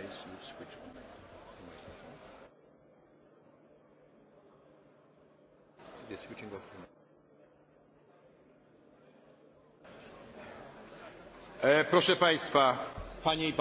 case you switch on the microphone. The switching off. E, proszę Państwa, Panie i Panowie.